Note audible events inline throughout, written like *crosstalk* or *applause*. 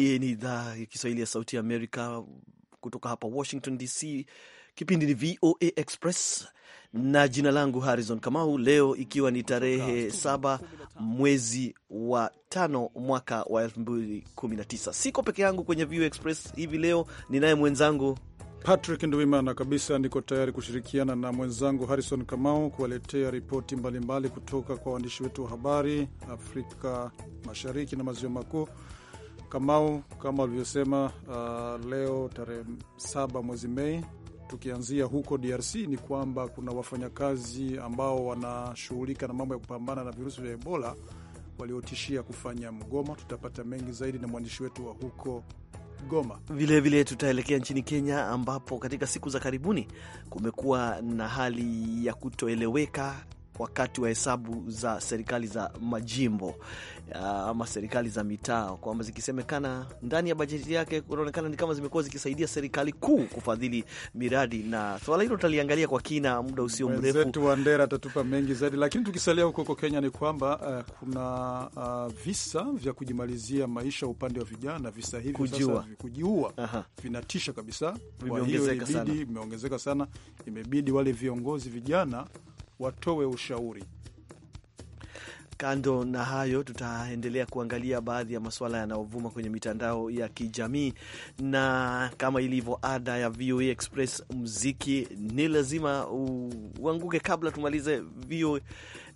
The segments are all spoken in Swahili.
Hii ni idhaa ya Kiswahili ya Sauti ya Amerika kutoka hapa Washington DC. Kipindi ni VOA Express na jina langu Harrison Kamau. Leo ikiwa ni tarehe saba mwezi wa tano mwaka wa tisa siko peke yangu kwenye VOA Express hivi leo, ninaye mwenzangu Patrick Ndwimana. Kabisa, niko tayari kushirikiana na mwenzangu Harrison Kamau kuwaletea ripoti mbalimbali kutoka kwa waandishi wetu wa habari Afrika Mashariki na Maziwa Makuu Kamau, kama ulivyosema, uh, leo tarehe saba mwezi Mei, tukianzia huko DRC ni kwamba kuna wafanyakazi ambao wanashughulika na mambo ya kupambana na virusi vya Ebola waliotishia kufanya mgomo. Tutapata mengi zaidi na mwandishi wetu wa huko Goma. Vilevile tutaelekea nchini Kenya ambapo katika siku za karibuni kumekuwa na hali ya kutoeleweka wakati wa hesabu za serikali za majimbo ama serikali za mitaa, kwamba zikisemekana ndani ya bajeti yake kunaonekana ni kama zimekuwa zikisaidia serikali kuu kufadhili miradi, na swala hilo utaliangalia kwa kina muda usio mrefu. Wenzetu wa Ndera atatupa mengi zaidi, lakini tukisalia huko huko Kenya ni kwamba uh, kuna uh, visa vya kujimalizia maisha upande wa vijana. Visa hivi sasa kujiua vinatisha kabisa, vimeongezeka sana. sana, imebidi wale viongozi vijana watowe ushauri. Kando na hayo, tutaendelea kuangalia baadhi ya masuala yanayovuma kwenye mitandao ya kijamii, na kama ilivyo ada ya VOA Express muziki ni lazima uanguke kabla tumalize VOA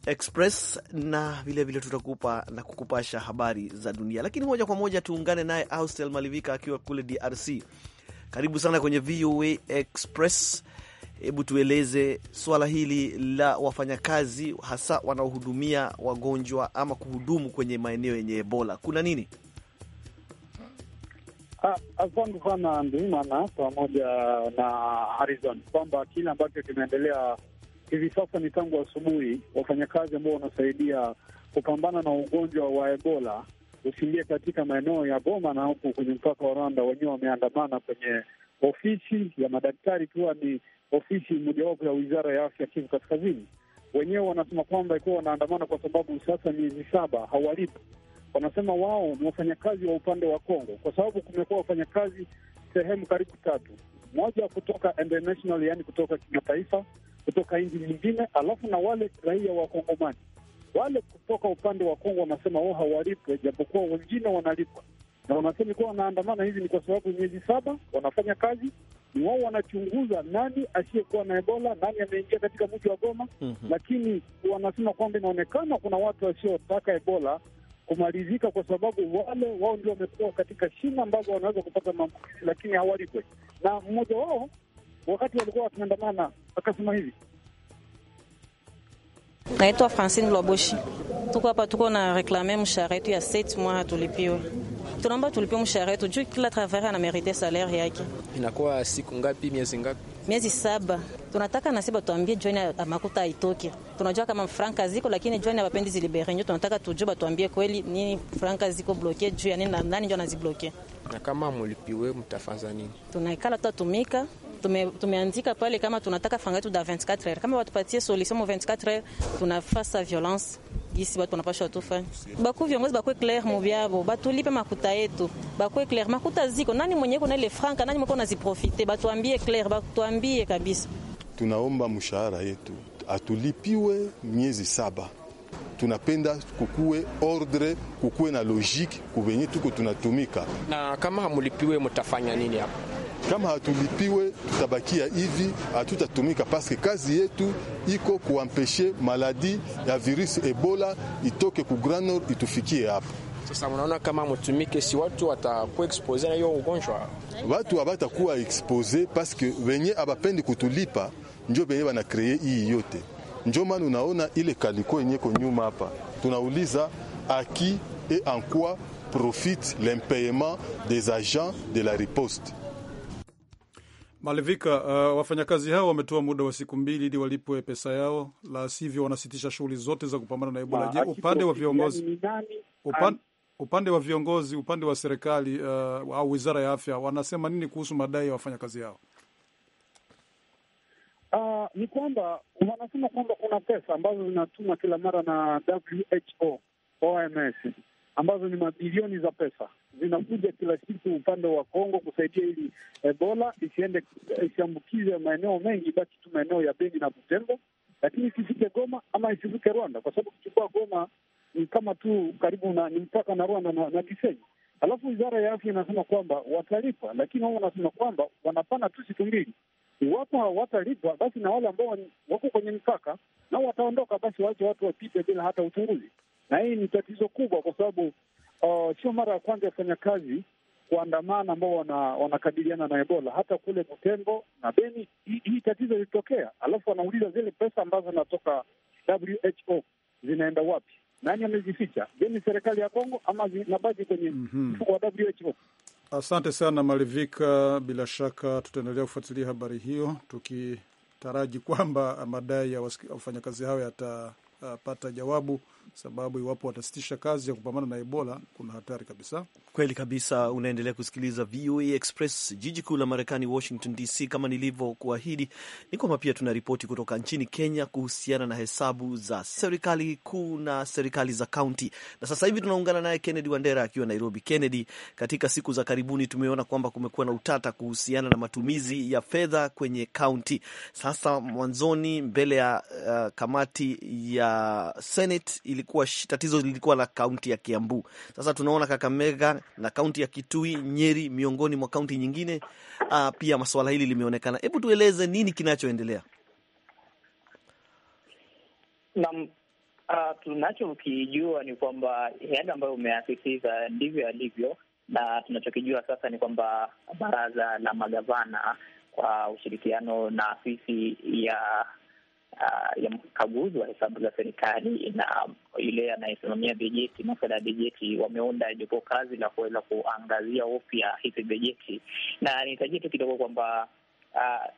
Express, na vilevile tutakupa na kukupasha habari za dunia. Lakini moja kwa moja tuungane naye Austel Malivika akiwa kule DRC. Karibu sana kwenye VOA Express hebu tueleze swala hili la wafanyakazi hasa wanaohudumia wagonjwa ama kuhudumu kwenye maeneo yenye Ebola, kuna nini? Ah, asante sana Ndimana pamoja na Harizon kwamba kile ambacho kimeendelea hivi sasa ni tangu asubuhi, wafanyakazi ambao wanasaidia kupambana na ugonjwa wa Ebola usiingie katika maeneo ya Goma na huku kwenye mpaka wa Rwanda, wenyewe wameandamana kwenye ofisi ya madaktari, ikiwa ni ofisi mojawapo ya wizara ya afya Kivu Kaskazini. Wenyewe wanasema kwamba ikuwa wanaandamana kwa sababu sasa miezi saba hawalipo. Wanasema wao ni wafanyakazi wa upande wa Kongo, kwa sababu kumekuwa wafanyakazi sehemu karibu tatu, moja kutoka international, yani kutoka kimataifa, kutoka nchi nyingine, alafu na wale raia wa Kongomani wale kutoka upande wa Kongo wanasema wao hawalipwe, japokuwa wengine wanalipwa, na wanasema kuwa wanaandamana hivi ni kwa sababu miezi saba wanafanya kazi, ni wao wanachunguza nani asiyekuwa na Ebola, nani ameingia katika mji wa Goma. mm -hmm. Lakini wanasema kwamba inaonekana kuna watu wasiotaka Ebola kumalizika kwa sababu wale wao ndio wamekuwa katika shina ambazo wanaweza kupata maambukizi, lakini hawalikwe. Na mmoja wao wakati walikuwa wakiandamana akasema hivi, naitwa Francine Loboshi, tuko hapa, tuko na reklame mshahara yetu ya 7 mwa hatulipiwe tunaomba tulipe mshahara wetu juu kila travari anamerite salaire yake. Inakuwa siku ngapi? Miezi ngapi? Miezi saba. Tunataka nasi batuambie joni amakuta aitoke. Tunajua kama franka ziko, lakini joni awapendi zilibere njo. Tunataka tujue batuambie kweli nini franka ziko bloke juu ya nini, nani njo anazibloke. Na kama mulipiwe mtafanza nini? Tunaikala tutatumika tume, tumeandika pale kama tunataka fanga yetu da 24 heures, kama watupatie solution mu 24 heures, tunafasa violence gisi watu wanapashwa tufanye. Baku viongozi bakwe clair mu byabo, batulipe makuta yetu, bakwe clair makuta ziko nani mwenye kuna ile franka nani mwenye naziprofite, batuambie clair, batuambie kabisa. Tunaomba mshahara yetu atulipiwe miezi saba. Tunapenda kukuwe ordre, kukuwe na logique kuvenye tuko tunatumika, na kama hamulipiwe mutafanya nini hapo? Kama hatulipiwe tutabakia hivi, hatutatumika paske kazi yetu iko kuampeshe maladi ya virusi Ebola itoke ku Grand Nord itufikie hapa. Sasa mnaona kama mtumike, si watu watakuwa expose na hiyo ugonjwa, watu hawatakuwa expose paske wenye abapendi kutulipa njo benye banakree hii yote. Njo maana unaona ile kaliko ko nyuma hapa, tunauliza aki et en quoi profite l'impayement des agents de la riposte Malivika, uh, wafanyakazi hao wametoa muda wa siku mbili ili walipwe pesa yao, la sivyo wanasitisha shughuli zote za kupambana na Ebola. Je, upande wa viongozi upande, upande wa viongozi upande wa serikali uh, au wizara ya afya wanasema nini kuhusu madai ya wafanyakazi hao? Uh, ni kwamba wanasema kwamba kuna pesa ambazo zinatumwa kila mara na WHO, OMS ambazo ni mabilioni za pesa zinakuja kila siku upande wa Kongo kusaidia ili Ebola isiende isiambukize maeneo mengi, basi tu maeneo ya Beni na Butembo, lakini isifike Goma ama isifike Rwanda, kwa sababu kuchukua Goma ni kama tu karibu na ni mpaka na Rwanda na, na Gisenyi. Alafu wizara ya afya inasema kwamba watalipa, lakini wao wanasema kwamba wanapana tu siku mbili. Iwapo hawatalipa, basi na wale ambao wako kwenye mpaka nao wataondoka, basi waache watu wapite bila hata uchunguzi, na hii ni tatizo kubwa, kwa sababu uh, sio mara ya kwanza wafanyakazi kuandamana ambao wanakabiliana wana na Ebola. Hata kule Butembo na Beni hii hi tatizo ilitokea alafu wanauliza zile pesa ambazo zinatoka WHO zinaenda wapi? Nani amezificha? Je, ni serikali ya Kongo ama zinabaki kwenye mhm. mfuko wa WHO? Asante sana Malivika, bila shaka tutaendelea kufuatilia habari hiyo tukitaraji kwamba madai ya wafanyakazi hao yatapata uh, jawabu sababu iwapo watasitisha kazi ya kupambana na Ebola kuna hatari kabisa. Kweli kabisa. Unaendelea kusikiliza VOA Express, jiji kuu la Marekani, Washington DC. Kama nilivyokuahidi, ni kwamba pia tuna ripoti kutoka nchini Kenya kuhusiana na hesabu za serikali kuu na serikali za kaunti, na sasa hivi tunaungana naye Kennedy Wandera akiwa Nairobi. Kennedy, katika siku za karibuni tumeona kwamba kumekuwa na utata kuhusiana na matumizi ya fedha kwenye kaunti. Sasa mwanzoni, mbele ya uh, kamati ya Senate ili lilikuwa tatizo lilikuwa la kaunti ya Kiambu. Sasa tunaona Kakamega na kaunti ya Kitui, Nyeri, miongoni mwa kaunti nyingine uh, pia masuala hili limeonekana. Hebu tueleze nini kinachoendelea? Naam. Uh, tunachokijua ni kwamba yale ambayo umeasisiza ndivyo alivyo na tunachokijua sasa ni kwamba baraza la magavana kwa ushirikiano na afisi ya Uh, ya mkaguzi wa hesabu za serikali na ile anayesimamia bejeti, masala ya bejeti, wameunda jopo kazi la kuweza kuangazia upya hizi bejeti, na nitajie tu kidogo kwamba uh,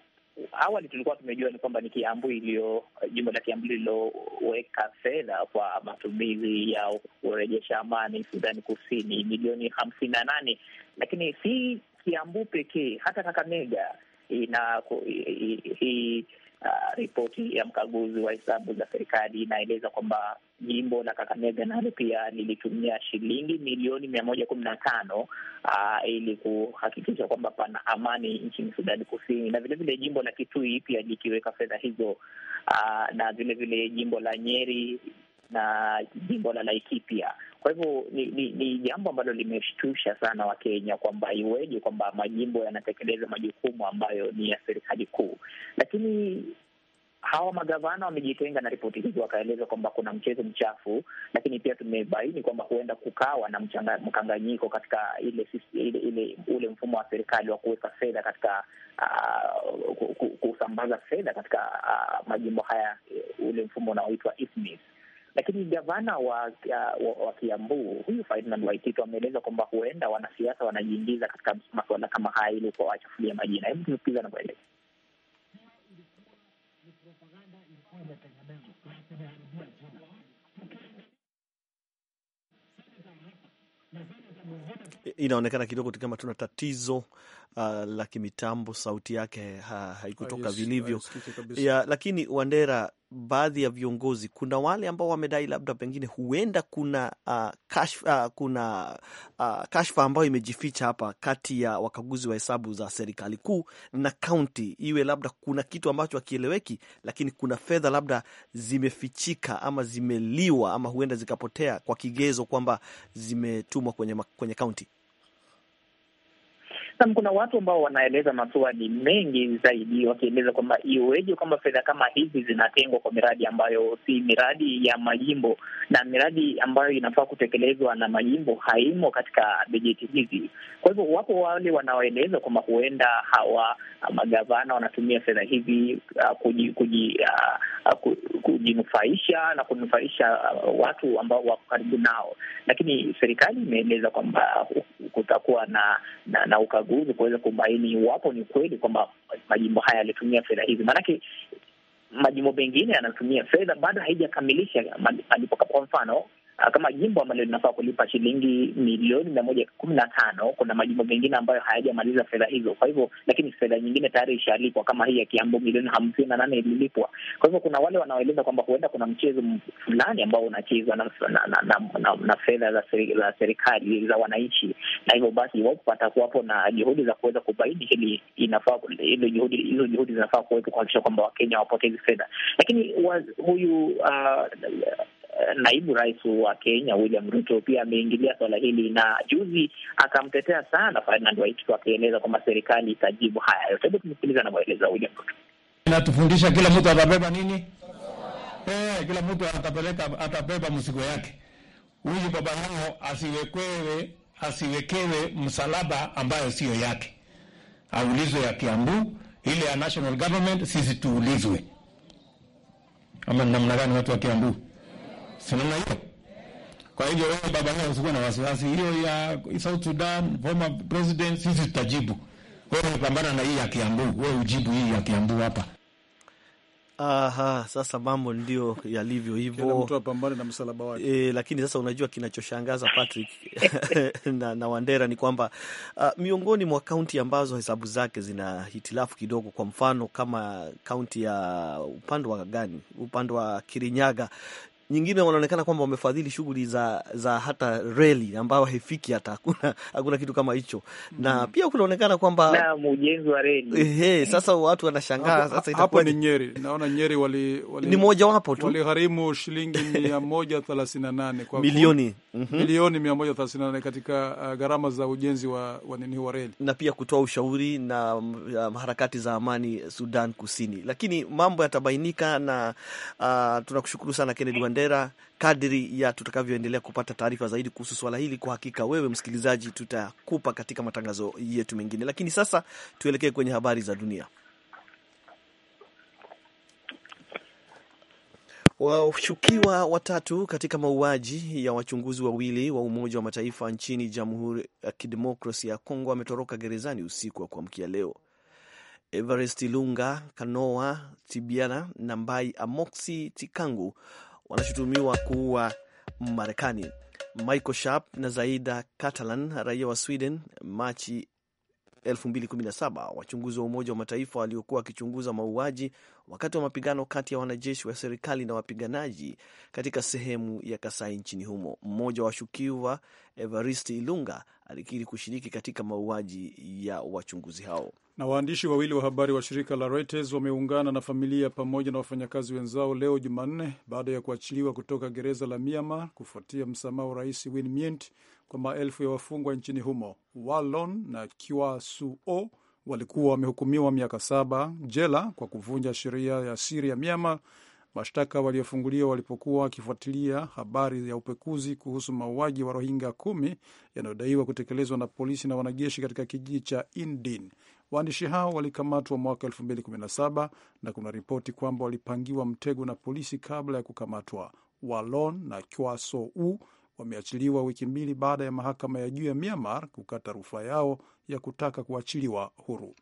awali tulikuwa tumejua ni kwamba ni Kiambu iliyo uh, jimbo la Kiambu lililoweka fedha kwa matumizi ya kurejesha amani Sudani Kusini, milioni hamsini na nane, lakini si Kiambu pekee, hata Kakamega ina hii Ah, ripoti ya mkaguzi wa hesabu za serikali inaeleza kwamba jimbo la Kakamega nalo pia lilitumia shilingi milioni mia moja kumi na tano uh, ili kuhakikisha kwamba pana amani nchini Sudani Kusini, na vilevile vile jimbo la Kitui pia likiweka fedha hizo uh, na vilevile vile jimbo la Nyeri na jimbo la Laikipia kwa hivyo ni, ni, ni jambo ambalo limeshtusha sana Wakenya kwamba iweje kwamba majimbo yanatekeleza majukumu ambayo ni ya serikali kuu, lakini hawa magavana wamejitenga na ripoti hizi, wakaeleza kwamba kuna mchezo mchafu, lakini pia tumebaini kwamba huenda kukawa na mkanganyiko katika ile, ile, ile ule mfumo wa serikali wa kuweka fedha katika uh, kusambaza fedha katika uh, majimbo haya, eh, ule mfumo unaoitwa lakini gavana wa wa, wa Kiambu huyu Ferdinand Waititu ameeleza kwamba huenda wanasiasa wanajiingiza katika masuala kama haya ili kuwachafulia majina. Hebu tusikiza anavyoeleza. Inaonekana kidogo kama tuna tatizo uh, la kimitambo sauti yake ha, haikutoka vilivyo ya, lakini Wandera, baadhi ya viongozi kuna wale ambao wamedai labda pengine huenda kuna uh, ah, kashfa, uh, kuna uh, kashfa ambayo imejificha hapa kati ya wakaguzi wa hesabu za serikali kuu na kaunti, iwe labda kuna kitu ambacho hakieleweki, lakini kuna fedha labda zimefichika ama zimeliwa ama huenda zikapotea kwa kigezo kwamba zimetumwa kwenye kaunti. Nam, kuna watu ambao wanaeleza maswali mengi zaidi, wakieleza kwamba iweje kwamba fedha kama hizi zinatengwa kwa miradi ambayo si miradi ya majimbo na miradi ambayo inafaa kutekelezwa na majimbo haimo katika bajeti hizi. Kwa hivyo, wapo wale wanaoeleza kwamba huenda hawa magavana wanatumia fedha hizi uh, kuji, kuji, uh, kujinufaisha na kunufaisha uh, watu ambao wako karibu nao, lakini serikali imeeleza kwamba kutakuwa na, na, na uchaguzi kuweza kubaini iwapo ni kweli kwamba majimbo haya yalitumia fedha hizi, maanake majimbo mengine yanatumia fedha bado haijakamilisha malipo. Kwa mfano Ah, kama jimbo ambalo linafaa kulipa shilingi milioni mia moja kumi na tano. Kuna majimbo mengine ambayo hayajamaliza fedha hizo, kwa hivyo lakini fedha nyingine tayari ishalipwa kama hii ya Kiambu milioni hamsini na nane ililipwa. Kwa hivyo kuna wale wanaoeleza kwamba huenda kuna mchezo fulani ambao unachezwa na, na, na, na, na, na fedha za serikali za wananchi, na hivyo basi iwapo patakuwapo na juhudi za kuweza kubaini hili, inafaa juhudi, hizo juhudi zinafaa kuwepo kuhakikisha kwamba Wakenya wapotezi fedha, lakini huyu uh, Eh, naibu rais wa Kenya William Ruto pia ameingilia swala hili, na juzi akamtetea sana Ferdinand Waititu akieleza kwamba serikali itajibu haya yote. Hebu tumsikiliza anavyoeleza William Ruto. Natufundisha kila mtu atabeba nini? Eh, kila mtu atapeleka, atabeba mzigo yake. Huyu baba yao asiwekewe, asiwekewe msalaba ambayo siyo yake, aulizwe ya Kiambu ile ya national government, sisi tuulizwe ama namna gani watu wa Kiambu si namna hiyo. Kwa hivyo wewe baba yao usikuwe na wasiwasi, hiyo ya South Sudan former president, sisi tutajibu. Wewe unapambana na hii ya Kiambu, wewe ujibu hii ya Kiambu hapa. Aha, sasa mambo ndio yalivyo hivyo. Mtu apambane na msalaba wake. E, lakini sasa unajua kinachoshangaza Patrick *laughs* na, na Wandera ni kwamba uh, miongoni mwa kaunti ambazo hesabu zake zina hitilafu kidogo, kwa mfano kama kaunti ya upande wa gani, upande wa Kirinyaga nyingine wanaonekana kwamba wamefadhili shughuli za, za hata reli ambayo haifiki hata hakuna, hakuna kitu kama hicho mm -hmm. na pia kunaonekana kwamba ujenzi wa reli sasa watu wanashangaa sasa itakuwa ni Nyeri, naona Nyeri wali, wali, ni mojawapo tu waligharimu shilingi mia moja thelathini na nane kwa milioni Mhm. milioni mm -hmm. 138 katika uh, gharama za ujenzi wa, wa nini wa reli na pia kutoa ushauri na uh, harakati za amani Sudan Kusini, lakini mambo yatabainika na uh, tunakushukuru sana Kennedy Wandera kadiri ya tutakavyoendelea kupata taarifa zaidi kuhusu swala hili. Kwa hakika wewe msikilizaji, tutakupa katika matangazo yetu mengine, lakini sasa tuelekee kwenye habari za dunia. Washukiwa watatu katika mauaji ya wachunguzi wawili wa Umoja wa Mataifa nchini Jamhuri ya Kidemokrasia ya Kongo wametoroka gerezani usiku wa kuamkia leo. Everest Lunga Kanoa Tibiana na Mbai Amoxi Tikangu wanashutumiwa kuua Marekani. Michael Sharp na Zaida Catalan raia wa Sweden Machi 2017 wachunguzi wa Umoja wa Mataifa waliokuwa wakichunguza mauaji wakati wa mapigano kati ya wanajeshi wa serikali na wapiganaji katika sehemu ya Kasai nchini humo. Mmoja wa washukiwa evarist Ilunga alikiri kushiriki katika mauaji ya wachunguzi hao. Na waandishi wawili wa habari wa shirika la Reuters wameungana na familia pamoja na wafanyakazi wenzao leo Jumanne baada ya kuachiliwa kutoka gereza la Myanmar kufuatia msamaha wa Rais Win Myint kwa maelfu ya wafungwa nchini humo. Walon na Kyaw Suo walikuwa wamehukumiwa miaka saba jela kwa kuvunja sheria ya siri ya Myanmar, mashtaka waliofunguliwa walipokuwa wakifuatilia habari ya upekuzi kuhusu mauaji wa Rohingya kumi yanayodaiwa kutekelezwa na polisi na wanajeshi katika kijiji cha Indin Waandishi hao walikamatwa mwaka 2017 na kuna ripoti kwamba walipangiwa mtego na polisi kabla ya kukamatwa. walon na Kwaso U wameachiliwa wiki mbili baada ya mahakama ya juu ya Myanmar kukata rufaa yao ya kutaka kuachiliwa huru.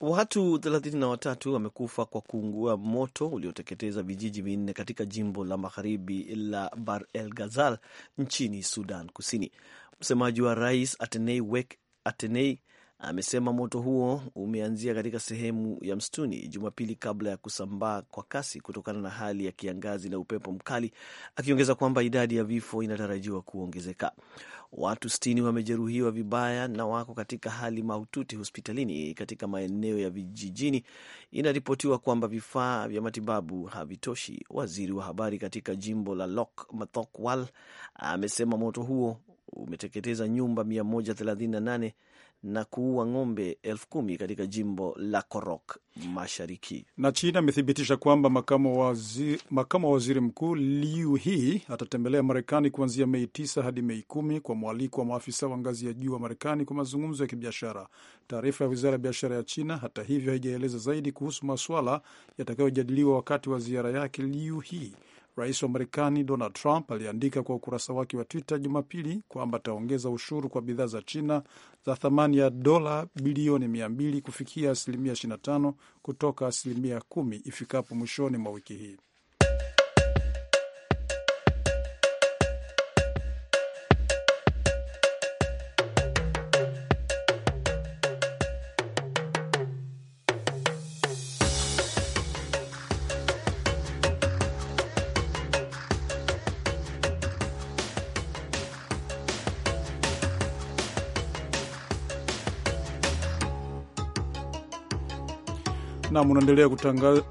Watu watatu wamekufa kwa kuungua moto ulioteketeza vijiji vinne katika jimbo la magharibi la bar el Ghazal nchini Sudan Kusini. Msemaji wa rais Atenei Wek Atenei amesema moto huo umeanzia katika sehemu ya msituni Jumapili kabla ya kusambaa kwa kasi kutokana na hali ya kiangazi na upepo mkali, akiongeza kwamba idadi ya vifo inatarajiwa kuongezeka. Watu sitini wamejeruhiwa vibaya na wako katika hali mahututi hospitalini katika maeneo ya vijijini. Inaripotiwa kwamba vifaa vya matibabu havitoshi. Waziri wa habari katika jimbo la Lok Mathokwal amesema moto huo umeteketeza nyumba 138 na kuua ng'ombe elfu kumi katika jimbo la Korok Mashariki. Na China imethibitisha kwamba makamu wa waziri, waziri mkuu Liu He atatembelea Marekani kuanzia Mei t hadi Mei kumi kwa mwaliko wa maafisa wa ngazi ya juu wa Marekani kwa mazungumzo ya kibiashara. Taarifa ya wizara ya biashara ya China hata hivyo haijaeleza zaidi kuhusu maswala yatakayojadiliwa wakati wa ziara yake Liu hii Rais wa Marekani Donald Trump aliandika kwa ukurasa wake wa Twitter Jumapili kwamba ataongeza ushuru kwa bidhaa za China za thamani ya dola bilioni 200 kufikia asilimia 25 kutoka asilimia 10 ifikapo mwishoni mwa wiki hii. Nam unaendelea uh,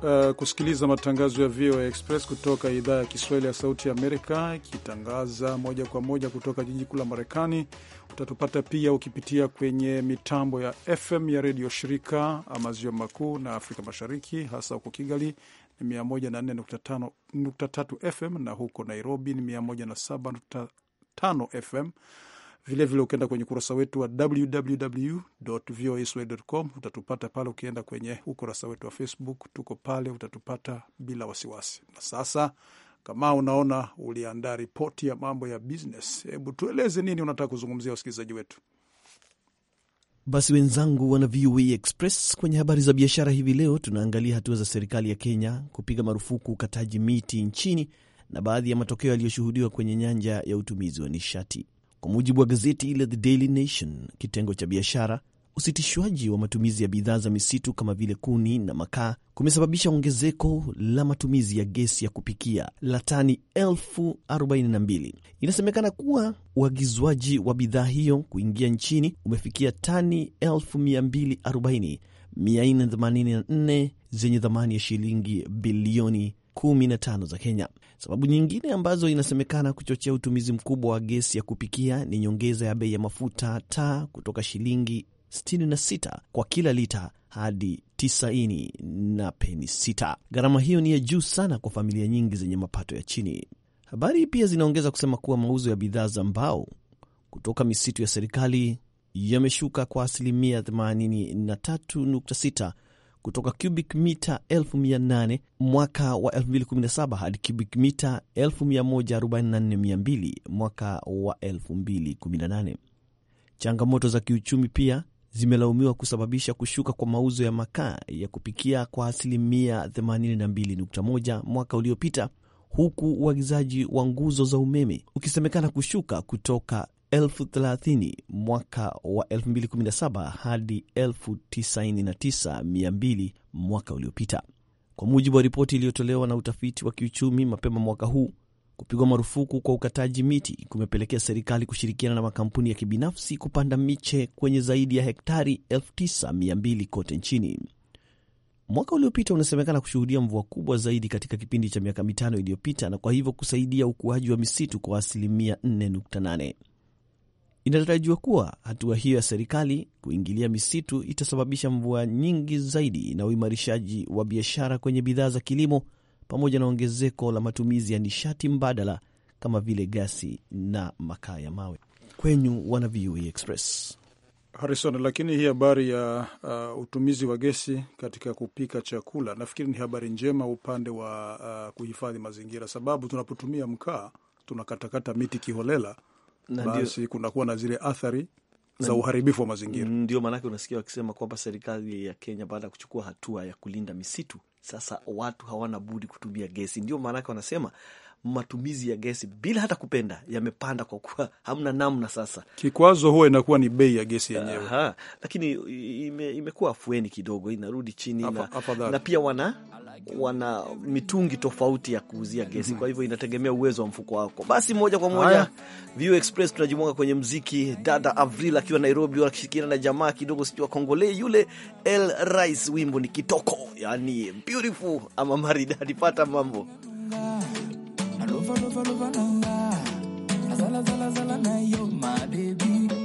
eh, kusikiliza matangazo ya VOA Express kutoka idhaa ya Kiswahili ya Sauti ya Amerika ikitangaza moja kwa moja kutoka jiji kuu la Marekani. Utatupata pia ukipitia kwenye mitambo ya FM ya redio shirika maziwa makuu na Afrika Mashariki, hasa huko Kigali ni 104.3 FM na huko Nairobi ni 107.5 FM. Vilevile ukienda kwenye ukurasa wetu wa www.voaswahili.com utatupata pale. Ukienda kwenye ukurasa wetu wa Facebook tuko pale, utatupata bila wasiwasi. Na sasa kama unaona uliandaa ripoti ya mambo ya business, hebu tueleze nini unataka kuzungumzia wasikilizaji wetu. Basi wenzangu, wana VOA Express, kwenye habari za biashara hivi leo tunaangalia hatua za serikali ya Kenya kupiga marufuku ukataji miti nchini na baadhi ya matokeo yaliyoshuhudiwa kwenye nyanja ya utumizi wa nishati. Kwa mujibu wa gazeti la The Daily Nation, kitengo cha biashara, usitishwaji wa matumizi ya bidhaa za misitu kama vile kuni na makaa kumesababisha ongezeko la matumizi ya gesi ya kupikia la tani elfu 42. Inasemekana kuwa uagizwaji wa bidhaa hiyo kuingia nchini umefikia tani elfu 240, 484 zenye thamani ya shilingi bilioni 15 za Kenya. Sababu nyingine ambazo inasemekana kuchochea utumizi mkubwa wa gesi ya kupikia ni nyongeza ya bei ya mafuta taa kutoka shilingi 66 kwa kila lita hadi 90 na peni 6. Gharama hiyo ni ya juu sana kwa familia nyingi zenye mapato ya chini. Habari pia zinaongeza kusema kuwa mauzo ya bidhaa za mbao kutoka misitu ya serikali yameshuka kwa asilimia 83.6 kutoka cubic mita 800,000 mwaka wa 2017 hadi cubic mita 144,200 mwaka wa 2018. Changamoto za kiuchumi pia zimelaumiwa kusababisha kushuka kwa mauzo ya makaa ya kupikia kwa asilimia 82.1 mwaka uliopita, huku uagizaji wa nguzo za umeme ukisemekana kushuka kutoka 30 mwaka wa 2017 hadi 99,200 mwaka uliopita, kwa mujibu wa ripoti iliyotolewa na utafiti wa kiuchumi mapema mwaka huu. Kupigwa marufuku kwa ukataji miti kumepelekea serikali kushirikiana na makampuni ya kibinafsi kupanda miche kwenye zaidi ya hektari 9200 kote nchini. Mwaka uliopita unasemekana kushuhudia mvua kubwa zaidi katika kipindi cha miaka mitano iliyopita, na kwa hivyo kusaidia ukuaji wa misitu kwa asilimia 4.8. Inatarajiwa kuwa hatua hiyo ya serikali kuingilia misitu itasababisha mvua nyingi zaidi na uimarishaji wa biashara kwenye bidhaa za kilimo pamoja na ongezeko la matumizi ya nishati mbadala kama vile gasi na makaa ya mawe. Kwenyu wana VOA Express Harrison. Lakini hii habari ya uh, utumizi wa gesi katika kupika chakula nafikiri ni habari njema upande wa uh, kuhifadhi mazingira, sababu tunapotumia mkaa tunakatakata miti kiholela basi kunakuwa na zile athari za uharibifu wa mazingira. Ndio maanake unasikia wakisema kwamba serikali ya Kenya baada ya kuchukua hatua ya kulinda misitu, sasa watu hawana budi kutumia gesi. Ndio maanake wanasema matumizi ya gesi bila hata kupenda yamepanda, kwa kuwa hamna namna. Sasa kikwazo huwa inakuwa ni bei ya gesi yenyewe. Aha, lakini ime, imekuwa afueni kidogo, inarudi chini apa, na, apa na pia wana wana mitungi tofauti ya kuuzia gesi mm -hmm. Kwa hivyo inategemea uwezo wa mfuko wako. Basi moja kwa moja View Express tunajimwaga kwenye mziki. Dada Avril akiwa Nairobi wakishirikiana na jamaa kidogo sijui Kongole yule El Rice, wimbo ni kitoko, yani beautiful ama maridadi. Pata mambo lova lova na Zala zala zala na yo my baby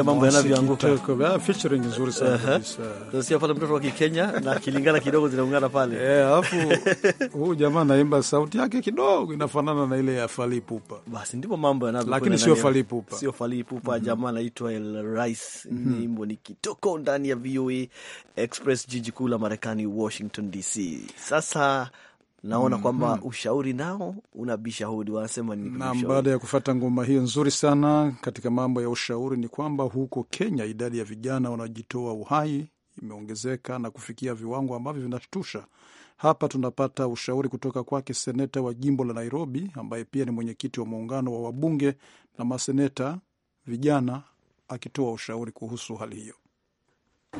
Unasikia mambo yanavyoanguka, ah, featuring nzuri sana kabisa. Unasikia pale mtoto wa Kikenya na kilingana kidogo zinaungana pale eh, alafu *laughs* huyu jamaa anaimba sauti yake kidogo inafanana na ile ya Fali Pupa. Basi ndipo mambo yanavyo, lakini sio Fali Pupa, sio Fali Pupa. mm -hmm. Jamaa anaitwa El Rice, mhm. nyimbo ni kitoko ndani ya VOA e Express, jiji kuu la Marekani Washington DC. Sasa naona mm-hmm. kwamba mm -hmm. ushauri nao unabisha hodi, wanasema ni Naam, baada ya kufata ngoma hiyo nzuri sana katika mambo ya ushauri, ni kwamba huko Kenya idadi ya vijana wanaojitoa uhai imeongezeka na kufikia viwango ambavyo vinashtusha. Hapa tunapata ushauri kutoka kwake seneta wa jimbo la Nairobi, ambaye pia ni mwenyekiti wa muungano wa wabunge na maseneta vijana, akitoa ushauri kuhusu hali hiyo.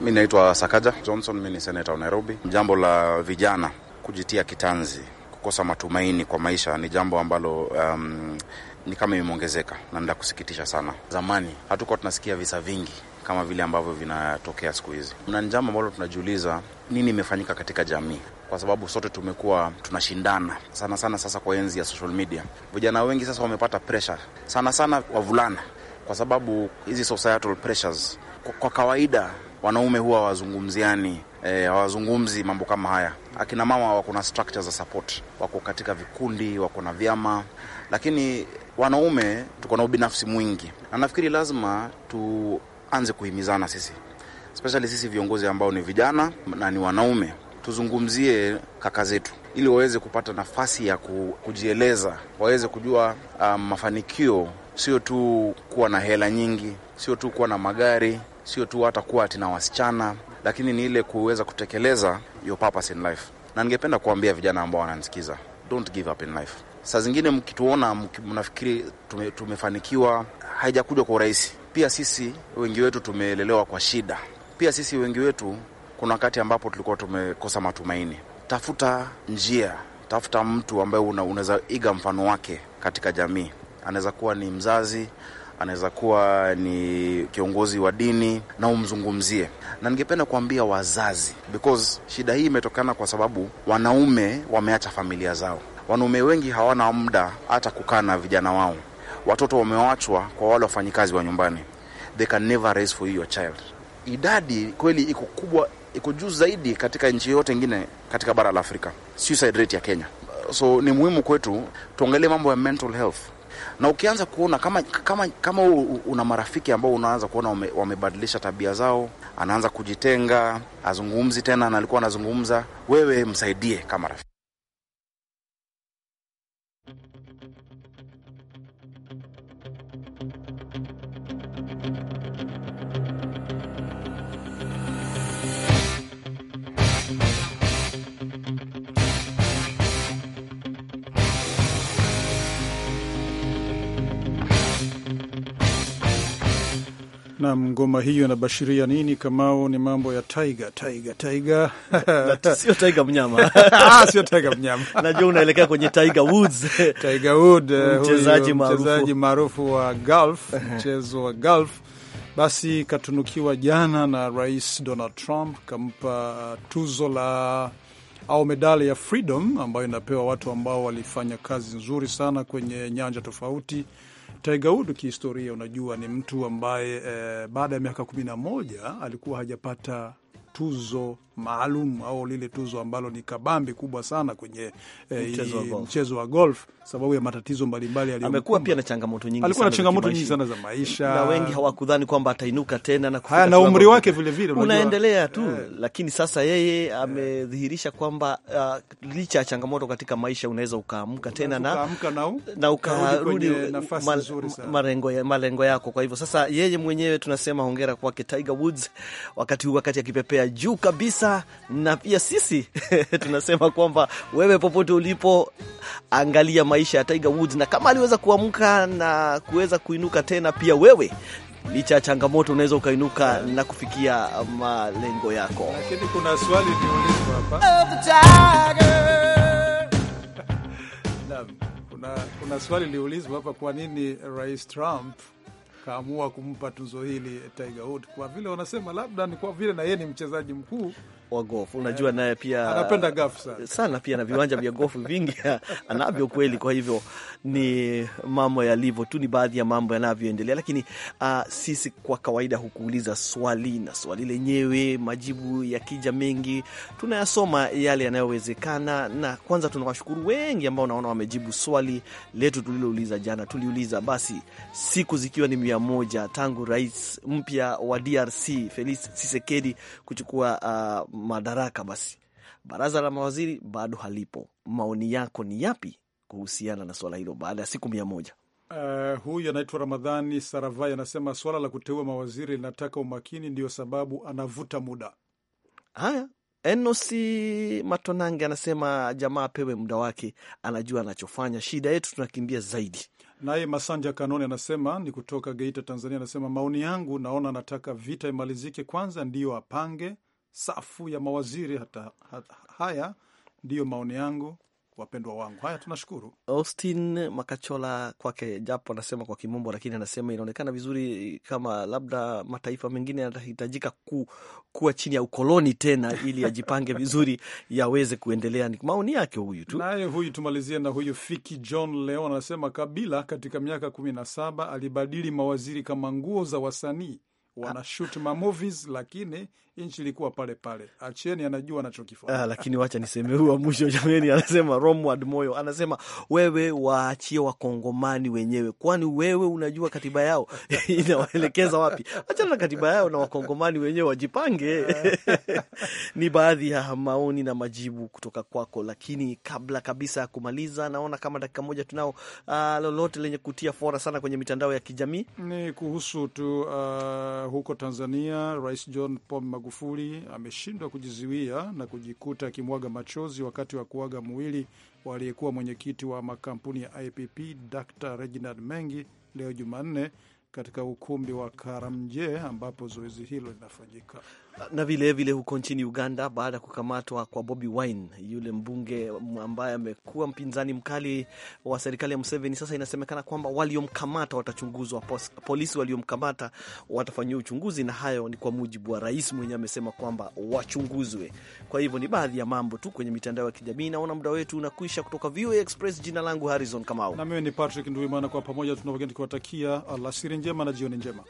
Mi naitwa Sakaja Johnson, mi ni seneta wa Nairobi. Jambo la vijana kujitia kitanzi, kukosa matumaini kwa maisha ni jambo ambalo um, ni kama imeongezeka na ni la kusikitisha sana. Zamani hatukuwa tunasikia visa vingi kama vile ambavyo vinatokea siku hizi, na ni jambo ambalo tunajiuliza nini imefanyika katika jamii, kwa sababu sote tumekuwa tunashindana sana sana. Sasa kwa enzi ya social media, vijana wengi sasa wamepata pressure sana sana, wavulana, kwa sababu hizi societal pressures. Kwa kawaida wanaume huwa wazungumziani Eh, hawazungumzi e, mambo kama haya. Akina mama wako na structure za support, wako katika vikundi, wako na vyama, lakini wanaume tuko na ubinafsi mwingi, na nafikiri lazima tuanze kuhimizana sisi, especially sisi viongozi ambao ni vijana na ni wanaume, tuzungumzie kaka zetu ili waweze kupata nafasi ya kujieleza, waweze kujua um, mafanikio sio tu kuwa na hela nyingi, sio tu kuwa na magari, sio tu hata kuwa tina wasichana, lakini ni ile kuweza kutekeleza your purpose in life. Na ningependa kuambia vijana ambao wananisikiza, don't give up in life. Saa zingine mkituona mnafikiri tume, tumefanikiwa, haijakuja kwa urahisi. Pia sisi wengi wetu tumeelelewa kwa shida. Pia sisi wengi wetu kuna wakati ambapo tulikuwa tumekosa matumaini. Tafuta njia, tafuta mtu ambaye unaweza iga mfano wake katika jamii. Anaweza kuwa ni mzazi anaweza kuwa ni kiongozi wa dini na umzungumzie. Na ningependa kuambia wazazi, because shida hii imetokana kwa sababu wanaume wameacha familia zao. Wanaume wengi hawana muda hata kukaa na vijana wao. Watoto wamewachwa kwa wale wafanyikazi wa nyumbani, they can never raise for your child. Idadi kweli iko kubwa, iko juu zaidi katika nchi yote ingine katika bara la Afrika, suicide rate ya Kenya. So ni muhimu kwetu tuongelee mambo ya mental health na ukianza kuona kama kama kama una marafiki ambao unaanza kuona wame, wamebadilisha tabia zao, anaanza kujitenga, azungumzi tena na alikuwa anazungumza, wewe msaidie kama rafiki. Nam, ngoma hiyo inabashiria nini? Kamao ni mambo ya taiga, taiga, taiga sio taiga mnyama *laughs* ah, sio taiga mnyama *laughs* najua unaelekea kwenye taiga Woods *laughs* taiga Wood, eh, mchezaji maarufu wa golf, mchezo wa golf basi katunukiwa jana na Rais Donald Trump, kampa tuzo la au medali ya Freedom ambayo inapewa watu ambao walifanya kazi nzuri sana kwenye nyanja tofauti Tiger Woods kihistoria, unajua ni mtu ambaye eh, baada ya miaka kumi na moja alikuwa hajapata tuzo maalum au lile tuzo ambalo ni kabambi kubwa sana kwenye eh, mchezo, wa mchezo wa golf, sababu ya matatizo mbalimbali alikuwa pia na changamoto nyingi, alikuwa na changamoto nyingi sana za maisha, na wengi hawakudhani kwamba atainuka tena na kufika, na umri wake vile vile unaendelea tu eh. Lakini sasa yeye amedhihirisha kwamba uh, licha ya changamoto katika maisha unaweza ukaamka tena na, na ukarudi malengo malengo yako. Kwa hivyo sasa yeye mwenyewe tunasema hongera kwake Tiger Woods wakati huu, wakati akipepea juu kabisa kabisa, na pia sisi *laughs* tunasema kwamba wewe popote ulipo, angalia maisha ya Tiger Woods, na kama aliweza kuamka na kuweza kuinuka tena, pia wewe licha ya changamoto unaweza ukainuka na kufikia malengo yako. Lakini kuna swali hapa *laughs* kuna, kuna swali liulizwa hapa, kwa nini Rais Trump kaamua kumpa tuzo hili Tiger Woods? Kwa vile wanasema labda ni kwa vile na yeye ni mchezaji mkuu wa golf. Unajua yeah, naye pia anapenda golf sana. Sana pia na viwanja vya golf vingi *laughs* anavyo kweli. Kwa hivyo ni mambo yalivyo tu, ni baadhi ya mambo yanavyoendelea, lakini uh, sisi kwa kawaida hukuuliza swali na swali lenyewe majibu yakija mengi tunayasoma yale yanayowezekana. Na kwanza tunawashukuru wengi ambao naona wamejibu swali letu tulilouliza jana. Tuliuliza basi siku zikiwa ni mia moja tangu rais mpya wa DRC Felix Tshisekedi kuchukua uh, madaraka, basi baraza la mawaziri bado halipo. Maoni yako ni yapi kuhusiana na swala hilo baada ya siku mia moja? Uh, huyu anaitwa Ramadhani Saravai anasema swala la kuteua mawaziri linataka umakini, ndiyo sababu anavuta muda. Haya, Enosi Matonange anasema jamaa apewe muda wake, anajua anachofanya. Shida yetu tunakimbia zaidi. Naye Masanja Kanoni anasema ni kutoka Geita, Tanzania, anasema maoni yangu, naona anataka vita imalizike kwanza, ndiyo apange safu ya mawaziri hata, hata, haya ndiyo maoni yangu wapendwa wangu. Haya, tunashukuru Austin Makachola kwake, japo anasema kwa kimombo, lakini anasema inaonekana vizuri kama labda mataifa mengine yanahitajika ku, kuwa chini ya ukoloni tena ili yajipange *laughs* vizuri yaweze kuendelea. Ni maoni yake huyu tu. Naye huyu tumalizie na huyu Fiki John Leon anasema Kabila katika miaka kumi na saba alibadili mawaziri kama nguo za wasanii wanashoot ah. lakini nchi ilikuwa pale pale. Achieni, anajua anachokifanya. Ah, lakini wacha niseme huu wa mwisho jameni, anasema Romward Moyo, anasema wewe waachie wakongomani wenyewe, kwani wewe unajua katiba yao *laughs* inawaelekeza wapi? Achana na katiba yao na wakongomani wenyewe wajipange. *laughs* Ni baadhi ya maoni na majibu kutoka kwako, lakini kabla kabisa ya kumaliza, naona kama dakika moja tunao, uh, lolote lenye kutia fora sana kwenye mitandao ya kijamii ni kuhusu tu uh, huko Tanzania Rais John Pombe Magufuli ameshindwa kujizuia na kujikuta akimwaga machozi wakati wa kuaga mwili wa aliyekuwa mwenyekiti wa makampuni ya IPP Dr Reginald Mengi leo Jumanne katika ukumbi wa Karamje ambapo zoezi hilo linafanyika na vilevile vile huko nchini Uganda, baada ya kukamatwa kwa Bobi Wine, yule mbunge ambaye amekuwa mpinzani mkali wa serikali ya Museveni, sasa inasemekana kwamba waliomkamata watachunguzwa, polisi waliomkamata watafanyia uchunguzi, na hayo ni kwa mujibu wa rais mwenyewe, amesema kwamba wachunguzwe. Kwa hivyo ni baadhi ya mambo tu kwenye mitandao ya kijamii. Naona muda wetu unakwisha. Kutoka VOA Express, jina langu Harrison Kamau na mimi ni Patrick Nduimana, kwa pamoja tunawageni tukiwatakia alasiri njema na jioni njema.